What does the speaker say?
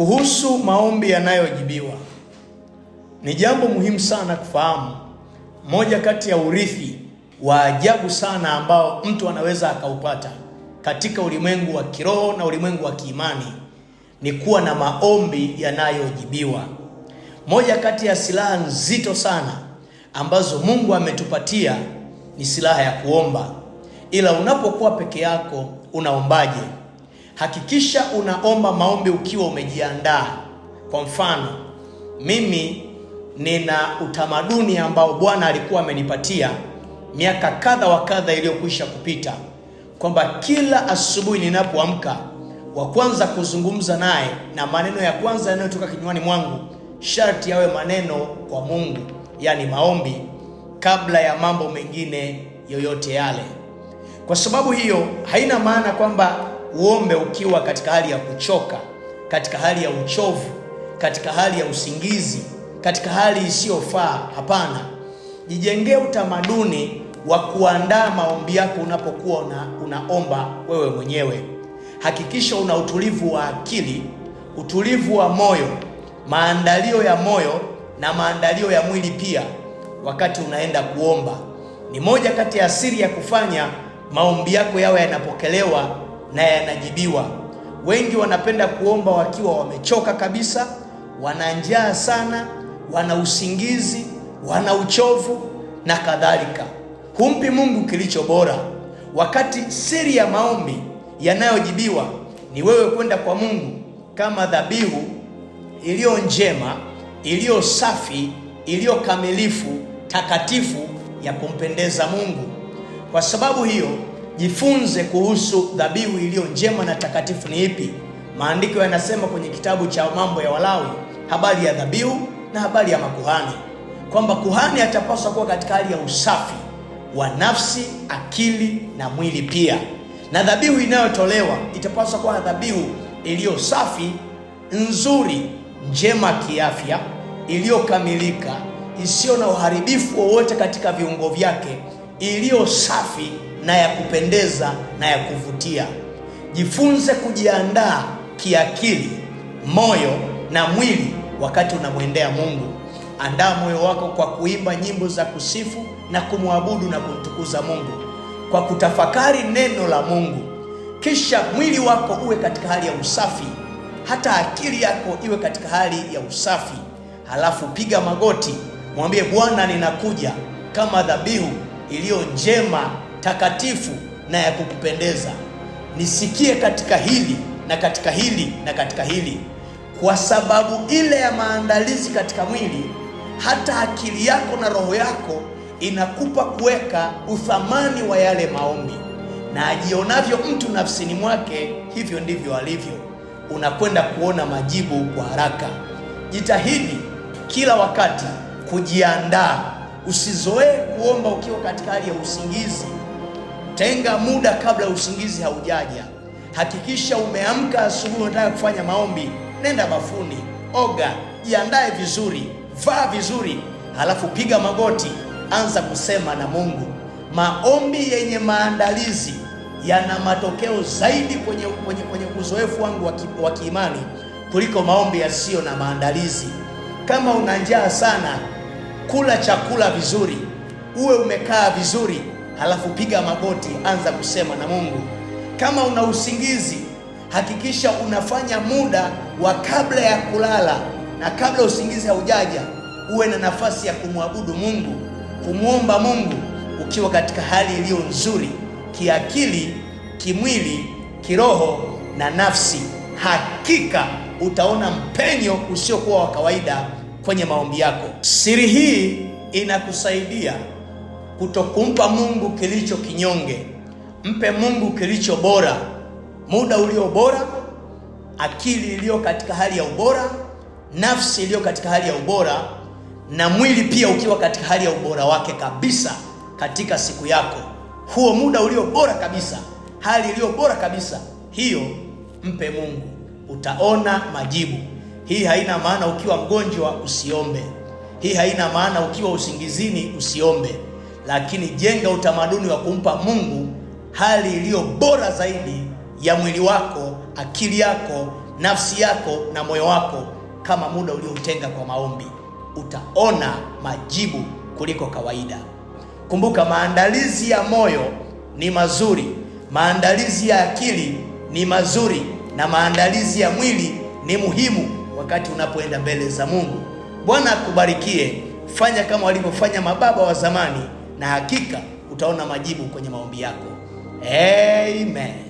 kuhusu maombi yanayojibiwa. Ni jambo muhimu sana kufahamu, moja kati ya urithi wa ajabu sana ambao mtu anaweza akaupata katika ulimwengu wa kiroho na ulimwengu wa kiimani ni kuwa na maombi yanayojibiwa. Moja kati ya silaha nzito sana ambazo Mungu ametupatia ni silaha ya kuomba. Ila unapokuwa peke yako unaombaje? hakikisha unaomba maombi ukiwa umejiandaa. Kwa mfano, mimi nina utamaduni ambao Bwana alikuwa amenipatia miaka kadha wa kadha iliyokwisha kupita, kwamba kila asubuhi ninapoamka, wa kwanza kuzungumza naye na maneno ya kwanza yanayotoka kinywani mwangu sharti yawe maneno kwa Mungu, yaani maombi, kabla ya mambo mengine yoyote yale. Kwa sababu hiyo haina maana kwamba uombe ukiwa katika hali ya kuchoka, katika hali ya uchovu, katika hali ya usingizi, katika hali isiyofaa. Hapana, jijengee utamaduni wa kuandaa maombi yako unapokuwa una, unaomba wewe mwenyewe. Hakikisha una utulivu wa akili, utulivu wa moyo, maandalio ya moyo na maandalio ya mwili pia, wakati unaenda kuomba. Ni moja kati ya siri ya kufanya maombi yako yawe yanapokelewa na yanajibiwa. Wengi wanapenda kuomba wakiwa wamechoka kabisa, wana njaa sana, wana usingizi, wana uchovu na kadhalika. Humpi Mungu kilicho bora, wakati siri ya maombi yanayojibiwa ni wewe kwenda kwa Mungu kama dhabihu iliyo njema, iliyo safi, iliyo kamilifu, takatifu ya kumpendeza Mungu. Kwa sababu hiyo jifunze kuhusu dhabihu iliyo njema na takatifu ni ipi. Maandiko yanasema kwenye kitabu cha mambo ya Walawi habari ya dhabihu na habari ya makuhani kwamba kuhani atapaswa kuwa katika hali ya usafi wa nafsi, akili na mwili pia, na dhabihu inayotolewa itapaswa kuwa dhabihu iliyo safi, nzuri, njema kiafya, iliyokamilika, isiyo na uharibifu wowote katika viungo vyake iliyo safi na ya kupendeza na ya kuvutia. Jifunze kujiandaa kiakili, moyo na mwili wakati unamwendea Mungu. Andaa moyo wako kwa kuimba nyimbo za kusifu na kumwabudu na kumtukuza Mungu kwa kutafakari neno la Mungu. Kisha mwili wako uwe katika hali ya usafi, hata akili yako iwe katika hali ya usafi. Halafu piga magoti, mwambie Bwana, ninakuja kama dhabihu iliyo njema, takatifu na ya kukupendeza. Nisikie katika hili na katika hili na katika hili, kwa sababu ile ya maandalizi katika mwili, hata akili yako na roho yako inakupa kuweka uthamani wa yale maombi. Na ajionavyo mtu nafsini mwake, hivyo ndivyo alivyo. Unakwenda kuona majibu kwa haraka. Jitahidi kila wakati kujiandaa Usizoee kuomba ukiwa katika hali ya usingizi. Tenga muda kabla usingizi haujaja. Hakikisha umeamka asubuhi, unataka kufanya maombi, nenda bafuni, oga, jiandae vizuri, vaa vizuri, halafu piga magoti, anza kusema na Mungu. Maombi yenye maandalizi yana matokeo zaidi kwenye, kwenye, kwenye uzoefu wangu wa kiimani kuliko maombi yasiyo na maandalizi. Kama una njaa sana kula chakula vizuri, uwe umekaa vizuri, halafu piga magoti, anza kusema na Mungu. Kama una usingizi, hakikisha unafanya muda wa kabla ya kulala na kabla usingizi haujaja, uwe na nafasi ya kumwabudu Mungu, kumwomba Mungu ukiwa katika hali iliyo nzuri kiakili, kimwili, kiroho na nafsi. Hakika utaona mpenyo usiokuwa wa kawaida kwenye maombi yako. Siri hii inakusaidia kutokumpa Mungu kilicho kinyonge. Mpe Mungu kilicho bora, muda ulio bora, akili iliyo katika hali ya ubora, nafsi iliyo katika hali ya ubora, na mwili pia ukiwa katika hali ya ubora wake kabisa katika siku yako. Huo muda ulio bora kabisa, hali iliyo bora kabisa, hiyo mpe Mungu, utaona majibu. Hii haina maana ukiwa mgonjwa usiombe. Hii haina maana ukiwa usingizini usiombe, lakini jenga utamaduni wa kumpa Mungu hali iliyo bora zaidi ya mwili wako, akili yako, nafsi yako na moyo wako, kama muda ulioutenga kwa maombi, utaona majibu kuliko kawaida. Kumbuka, maandalizi ya moyo ni mazuri, maandalizi ya akili ni mazuri, na maandalizi ya mwili ni muhimu wakati unapoenda mbele za Mungu. Bwana akubarikie. Fanya kama walivyofanya mababa wa zamani, na hakika utaona majibu kwenye maombi yako. Amen.